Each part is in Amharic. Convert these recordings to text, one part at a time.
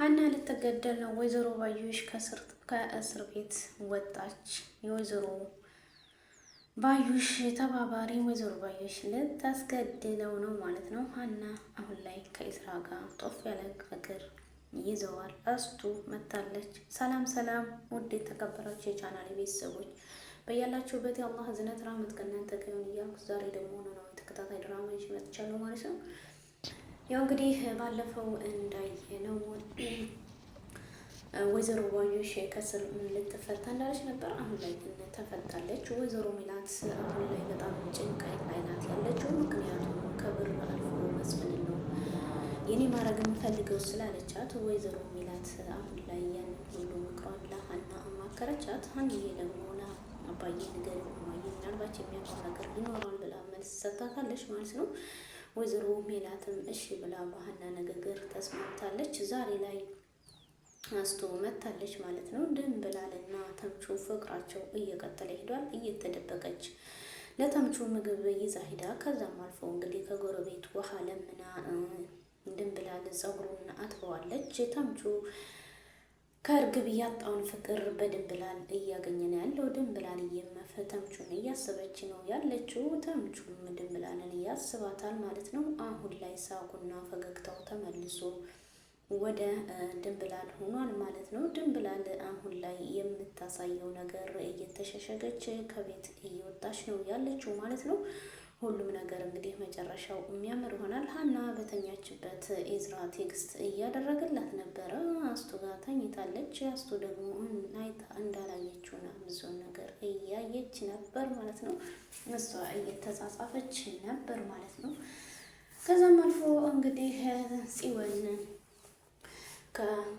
ሀና ልትገደል ነው። ወይዘሮ ባዩሽ ከእስር ቤት ወጣች። የወይዘሮ ባዩሽ ተባባሪ ወይዘሮ ባዩሽ ልታስገድለው ነው ማለት ነው። ሀና አሁን ላይ ከኢስራ ጋር ጦፍ ያለ ፍቅር ይዘዋል። እስቱ መታለች። ሰላም ሰላም! ውድ የተከበራችሁ የቻናል ቤተሰቦች በያላችሁበት የአላህ ዝነት ራመት ከእናንተ ከሆን እያልኩ ዛሬ ደግሞ ነው ተከታታይ ድራማ ይዤ መጥቻለሁ ማለት ነው። ያው እንግዲህ ባለፈው እንዳየነው ወይዘሮ ባዩሽ ከእስር ልትፈታ እንዳለች ነበር። አሁን ላይ ግን ተፈታለች። ወይዘሮ ሚላት አሁን ላይ በጣም ጭንቀት ላይ ናት ያለችው። ምክንያቱም ከብር አልፎ መስፍን ነው የኔ ማድረግ የምፈልገው ስላለቻት ወይዘሮ ሚላት አሁን ላይ ያን ሁሉ ምክሯን ለሀና አማከረቻት። ሀንዬ ደግሞ አባዬ ንገሪው፣ ማየ ምናልባት የሚያውቀው ነገር ይኖራል ብላ መልስ ሰጥታታለች ማለት ነው። ወይዘሮ ሜላትም እሺ ብላ በሀና ንግግር ተስማምታለች። ዛሬ ላይ አስቶ መታለች ማለት ነው። ድን ብላልና ተምቹ ፍቅራቸው እየቀጠለ ሄዷል። እየተደበቀች ለተምቹ ምግብ ይዛ ሂዳ ከዛም አልፎ እንግዲህ ከጎረቤት ውሃ ለምና ብላል ፀጉሩን አጥበዋለች ተምቹ ከእርግብ እያጣውን ፍቅር በድንብላል እያገኘን ያለው ድንብላል እየመፈ ተምቹን እያሰበች ነው ያለችው። ተምቹም ድንብላልን እያስባታል ማለት ነው። አሁን ላይ ሳቁና ፈገግታው ተመልሶ ወደ ድንብላል ሆኗል ማለት ነው። ድንብላል አሁን ላይ የምታሳየው ነገር እየተሸሸገች ከቤት እየወጣች ነው ያለችው ማለት ነው። ሁሉም ነገር እንግዲህ መጨረሻው የሚያምር ይሆናል። ሀና በተኛችበት ኤዝራ ቴክስት እያደረገላት ነበር። ተኝታለች። ያስቱ ደግሞ አይታ እንዳላየችው ና ብዙ ነገር እያየች ነበር ማለት ነው። እሷ እየተጻጻፈች ነበር ማለት ነው። ከዛም አልፎ እንግዲህ ጽወን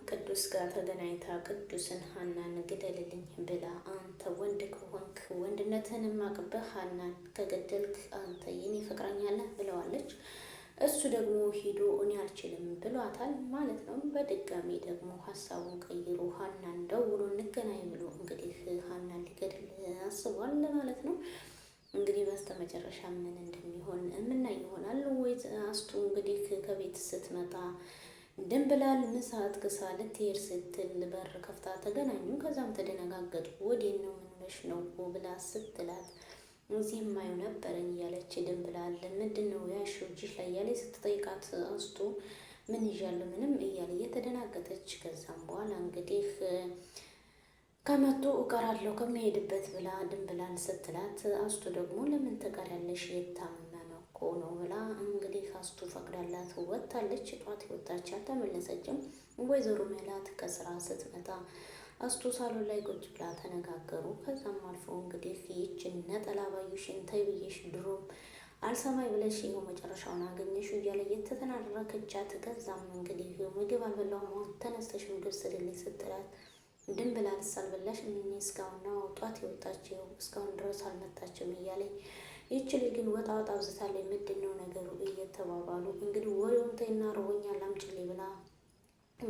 ከቅዱስ ጋር ተገናኝታ ቅዱስን ሀናን ግደልልኝ ብላ አንተ ወንድ ከሆንክ ወንድነትህን ማቅበህ ሀናን ከገደልክ አንተ የኔ ፍቅረኛ ብለዋለች። እሱ ደግሞ ሂዶ እኔ አልችልም ብሏታል ማለት ነው። በድጋሚ ደግሞ ሀሳቡን ቀይሮ ሀናን ደውሎ እንገናኝ ብሎ እንግዲህ ሀናን ሊገድል አስቧል ማለት ነው። እንግዲህ በስተመጨረሻ ምን እንደሚሆን የምናይ ይሆናል። ወይ አስቱ እንግዲህ ከቤት ስትመጣ ድንብላል ምሳት ክሳ ልትሄድ ስትል በር ከፍታ ተገናኙ። ከዛም ተደነጋገጡ። ወዴ ነው? ምን ነው ብላ ስትላት እዚህ የማየው ነበረኝ እያለች ድንብላል ምንድን ነው ያሹ እጅሽ ላይ እያለ ስትጠይቃት አንስቶ ምን ይዣለሁ ምንም እያለ እየተደናገጠች ከዛም በኋላ እንግዲህ ከመጡ እቀራለሁ ከሚሄድበት ብላ ድንብላል ስትላት አስቱ ደግሞ ለምን ትቀሪያለሽ የታመመ እኮ ነው ብላ እንግዲህ አስቱ ፈቅዳላት ወጥታለች። ጧት ወጣች አልተመለሰችም። ወይዘሮ ሜላት ከስራ ስትመጣ አስቶ ሳሎን ላይ ቁጭ ብላ ተነጋገሩ። ከዛም አልፎ እንግዲህ ይችን ነጠላ ባዩሽን ተይ ብዬሽ ድሮም አልሰማይ ብለሽ ይኸው መጨረሻውን አገኘሽ እያለ የተተናረከቻት። ከዛም እንግዲህ ምግብ አልበላው መሆን ተነስተሽ ምግብ ስልልኝ ስትላት ድን ብላ ልሳልበላሽ እኔ እስካሁን ነው ጧት የወጣች ይኸው እስካሁን ድረስ አልመጣችም እያለኝ ይች ልጅ ግን ወጣ ወጣ አብዝታለች። ምንድን ነው ነገሩ እየተባባሉ እንግዲህ ወሬውን ተይና ርቦኛል አምጪልኝ ብላ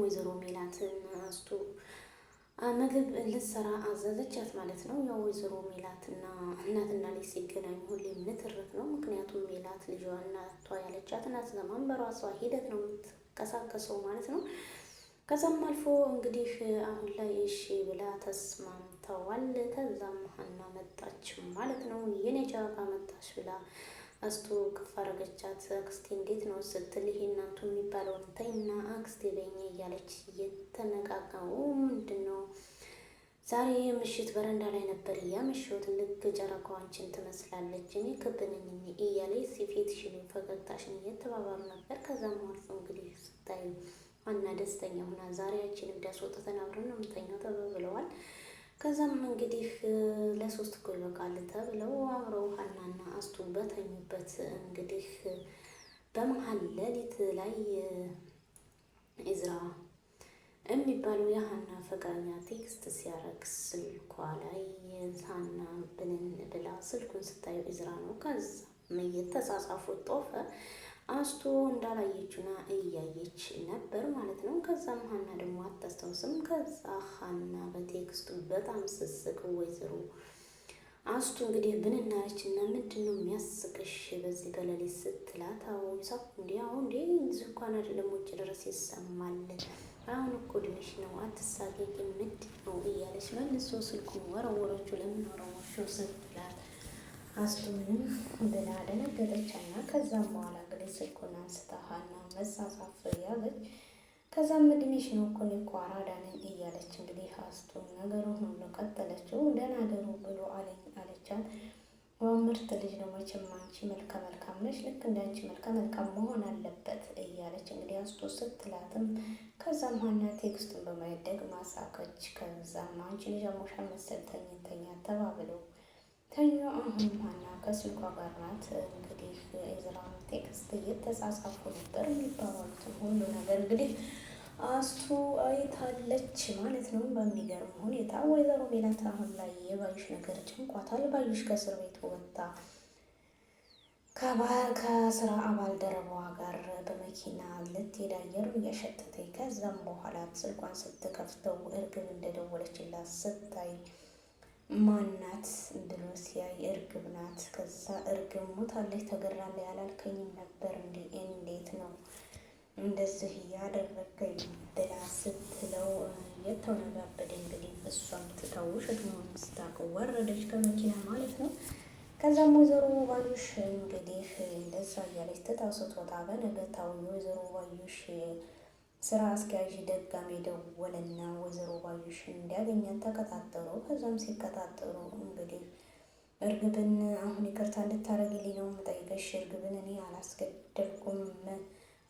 ወይዘሮ ሜላትን አስቱ ምግብ ልትሰራ አዘዘቻት ማለት ነው። ያው ወይዘሮ ሜላትና እናትና ልጅ ሲገናኙ ሁሌም ንትርክ ነው። ምክንያቱም ሜላት ልጇ እናቷ ያለቻት እናት ዘማን በራሷ ሂደት ነው የምትቀሳቀሰው ማለት ነው። ከዛም አልፎ እንግዲህ አሁን ላይ እሺ ብላ ተስማምተዋል። ከዛም ሀና መጣች ማለት ነው። የኔ ጨረቃ መጣች ብላ አስቱ ከፍ አረገቻት። አክስቴ እንዴት ነው ስትል ይሄ እናቱ የሚባለው ተይና አክስቴ በኛ እያለች እየተነቃቀው ምንድን ነው ዛሬ ምሽት በረንዳ ላይ ነበር እያመሸሁት። ልክ ጨረቃዋችን ትመስላለች እኔ ክብ ነኝ እያለ ፊትሽን ፈገግታሽን እየተባባሉ ነበር። ከዛም አልፎ እንግዲህ ስታይ ዋና ደስተኛ ሆና ዛሬያችን እንዳስወጥተን አብረን ነው የምተኛው ተባብለው ከዛም እንግዲህ ለሶስት ግሎቃል ተብለው አብረው ሀናና አስቱ በተኙበት እንግዲህ በመሀል ሌሊት ላይ ኢዝራ የሚባለው የሀና ፈቃደኛ ቴክስት ሲያረግ ስልኳ ላይ ሀና ብንን ብላ ስልኩን ስታየው ኢዝራ ነው። ከዛ እየተጻጻፉት ጦፈ አስቶ እንዳላየችና እያየች ነበር ማለት ነው። ከዛም ሀና ደግሞ አታስታውስም። ከዛ ሀና በቴክስቱ በጣም ስስቅ ወይዘሮ አስቱ እንግዲህ ብንናለች እና ምንድን ነው የሚያስቅሽ በዚህ በሌሊት ስትላት፣ አዎ ሳኩ እንዲ አሁን እንዲ ዝኳን አይደለም ውጭ ድረስ ይሰማል። አሁን እኮ ድንሽ ነው አትሳቀቂ፣ ምንድን ነው እያለች መልሶ ስልኩን ወረወረችው። ለምን ወረወረችው ስትላት አስቱ ምንም ብላ ደነገጠች እና ከዛም በኋላ ስልኩን አንስታ ሀና መጻጻፍ ያዘች። ከዛም እድሜሽ ነው እኮ እኔ እኮ አራዳ ነኝ እያለች እንግዲህ አስቱን ነገሩ ሁሉ ቀጠለችው። ደህና ደሩ ብሎ አለኝ አለቻት። ምርጥ ልጅ ነው መቼም አንቺ መልከ መልካም ነች፣ ልክ እንዳንቺ መልከ መልካም መሆን አለበት እያለች እንግዲህ አስቶ ስትላትም ከዛም ሀና ቴክስቱን በማይደግ ማሳከች። ከዛም አንቺ ልጅ አሞሻ መሰል ተኝተኛ ተባብለው ተኛ አሁን ማና ከስልኳ ጋር ናት። እንግዲህ የዝራ ቴክስት እየተጻጻፉ ነበር። የሚባባሉትን ሁሉ ነገር እንግዲህ አስቱ አይታለች ማለት ነው። በሚገርም ሁኔታ ወይዘሮ ሜላት አሁን ላይ የባዩሽ ነገር ጭንቋታል። ባዩሽ ከእስር ቤት ወጥታ ከስራ ባልደረባዋ ጋር በመኪና ልትሄድ አየሩ እያሸተተኝ ከዛም በኋላ ስልኳን ስትከፍተው እርግብ እንደደወለችላት ስታይ ማናት ብሎ ሲያይ እርግብ ናት። ከዛ እርግብ ሞታለች ተገድላለች። ያላልከኝም ነበር እንዲ እንዴት ነው እንደዚህ እያደረገኝ ብላ ስትለው የተወነጋበደ እንግዲህ እሷም ትታው ሸክሞን ስታውቅ ወረደች ከመኪና ማለት ነው። ከዛም ወይዘሮ ባዩሽ እንግዲህ እንደዛ እያለች ትታው ስትወጣ በነገታው የወይዘሮ ባዩሽ ስራ አስኪያጅ ደጋሜ ደወለና ወይዘሮ ባዩሽ እንዲያገኛት ተቀጣጠሩ። ከዛም ሲቀጣጠሩ እንግዲህ እርግብን አሁን ይቅርታ እንድታደርግልኝ ነው የምጠይቀሽ። እርግብን እኔ አላስገደልኩም፣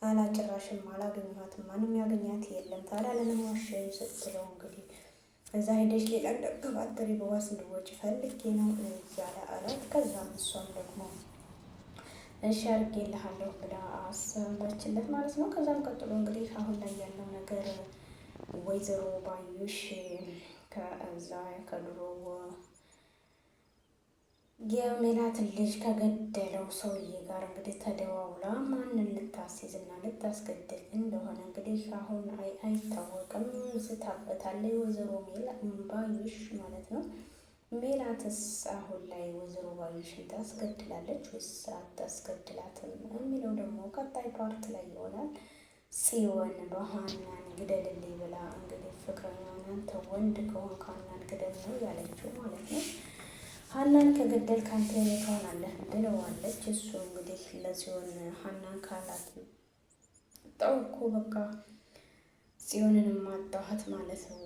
አላጭራሽም፣ አላገኘኋትም፣ ማንም ያገኛት የለም። ታዲያ ለመዋሽ ስትለው እንግዲህ እዛ ሄደሽ ሌላ እንደገባትሪ በዋስ እንድወጪ ፈልጌ ነው እያለ አላት። ከዛም እሷም ደግሞ እሺ አድርጌልሃለሁ ብላ አሰበችለት ማለት ነው። ከዛም ቀጥሎ እንግዲህ አሁን ላይ ያለው ነገር ወይዘሮ ባዩሽ ከዛ ከድሮ የሜላት ልጅ ከገደለው ሰውዬ ጋር እንግዲህ ተደዋውላ ማንን ልታስይዝና ልታስገድል እንደሆነ እንግዲህ አሁን አይታወቅም። ስታበታለች ወይዘሮ ባዩሽ ማለት ነው። ሜላትስ አሁን ላይ ወይዘሮ ባዩሽን ታስገድላለች ወይስ አታስገድላትም የሚለው ደግሞ ቀጣይ ፓርት ላይ ይሆናል። ጽዮን በሀናን ግደልልኝ ብላ እንግዲህ ፍቅረኛ አንተ ወንድ ከሆንክ ሀናን ግደል ነው ያለችው ማለት ነው። ሀናን ከገደል ካንተ የኔ ትሆናለህ ብለዋለች። እሱ እንግዲህ ለጽዮን ሀናን ካላት ጠውኩ በቃ ጽዮንን ማጣኋት ማለት ነው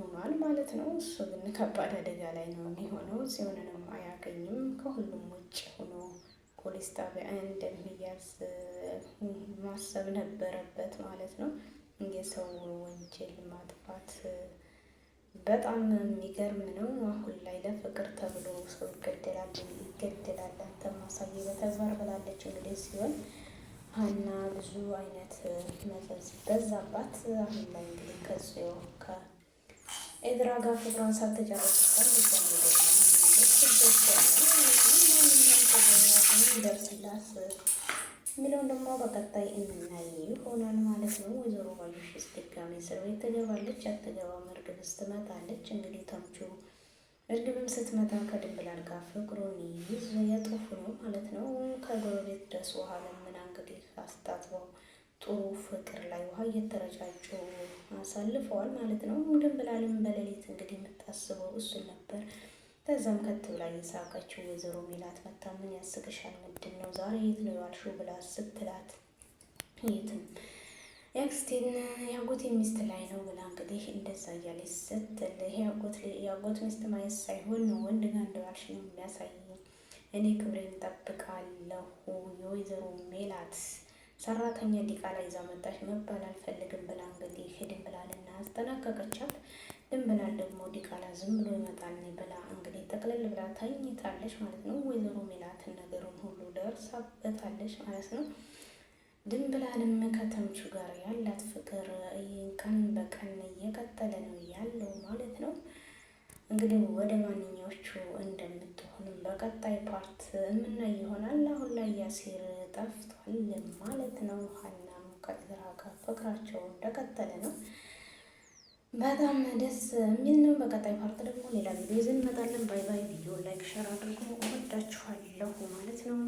ሆኗል ማለት ነው። እሱ ግን ከባድ አደጋ ላይ ነው የሚሆነው። ጽዮንንም አያገኝም። ከሁሉም ውጭ ሆኖ ፖሊስ ጣቢያ እንደሚያዝ ማሰብ ነበረበት ማለት ነው። የሰው ወንጀል ማጥፋት በጣም የሚገርም ነው። አሁን ላይ ለፍቅር ተብሎ ሰው ይገደላል ይገደላል። አተማሳይ በተግባር ብላለች እንግዲህ ሲሆን እና ብዙ አይነት መዘዝ በዛባት። አሁን ላይ እንግዲህ ከጽዮ ከኤድራ ጋር ፍቅሯን ሳትጨርስ ይደርስላት የሚለውን ደግሞ በቀጣይ የምናይ ይሆናል ማለት ነው። ወይዘሮ ባዩሽ ድጋሜ እስር ቤት ትገባለች አትገባም? እርግብስ ትመጣለች እንግዲህ ተምቹ እርግብም ስትመጣ ከድንብላል ጋር ፍቅሩን ይዞ የጡፉ ነው ማለት ነው። ከጎረቤት ደስ ውሃ እንግዲህ አስታጥበው ጥሩ ፍቅር ላይ ውሃ እየተረጫጩ አሳልፈዋል ማለት ነው። ምንድን ድንብላልም በሌሊት እንግዲህ የምታስበው እሱን ነበር። ከዛም ከት ብላ እየሳቀችው ወይዘሮ ሚላት መታ ምን ያስቅሻል? ምንድን ነው ዛሬ የት ነው የዋልሽው? ብላ ስትላት የትም የአክስቴን የአጎቴ ሚስት ላይ ነው ብላ እንግዲህ እንደዛ እያለች ስትል ያጎት ሚስት ማየት ሳይሆን ወንድ ጋር እንደዋልሽ ነው የሚያሳየው እኔ ክብሬን ጠብቃለሁ። የወይዘሮ ሜላት ሰራተኛ ዲቃላ ይዛ መጣች። መባል አልፈልግም ብላ እንግዲህ ድንብላልና አስጠናቀቀቻት። ድንብላል ደግሞ ዲቃላ ዝም ብሎ ይመጣል ብላ እንግዲህ ጠቅልል ብላ ተኝታለች ማለት ነው። ወይዘሮ ሜላትን ነገሩን ሁሉ ደርሳበታለች ማለት ነው። ድንብላልም ከተምቹ ጋር ያላት ፍቅር ቀን በቀን እየቀጠለ ነው ያለው ማለት ነው። እንግዲህ ወደ ማንኛዎቹ እንደምትሆኑም በቀጣይ ፓርት የምናይ ይሆናል። አሁን ላይ ያሴር ጠፍቷል ማለት ነው። ሀናም ከእዝራ ጋር ፍቅራቸው እንደቀጠለ ነው። በጣም ደስ የሚል ነው። በቀጣይ ፓርት ደግሞ ሌላ ቪዲዮ ይዘን እንመጣለን። ባይ ባይ። ቪዲዮ ላይክ፣ ሸር አድርጎ እወዳችኋለሁ ማለት ነው።